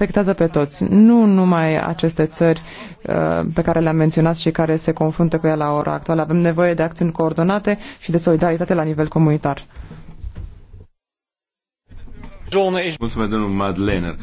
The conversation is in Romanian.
afectează pe toți, nu numai aceste țări uh, pe care le-am menționat și care se confruntă cu ea la ora actuală. Avem nevoie de acțiuni coordonate și de solidaritate la nivel comunitar. Mulțumesc, domnul Madlener.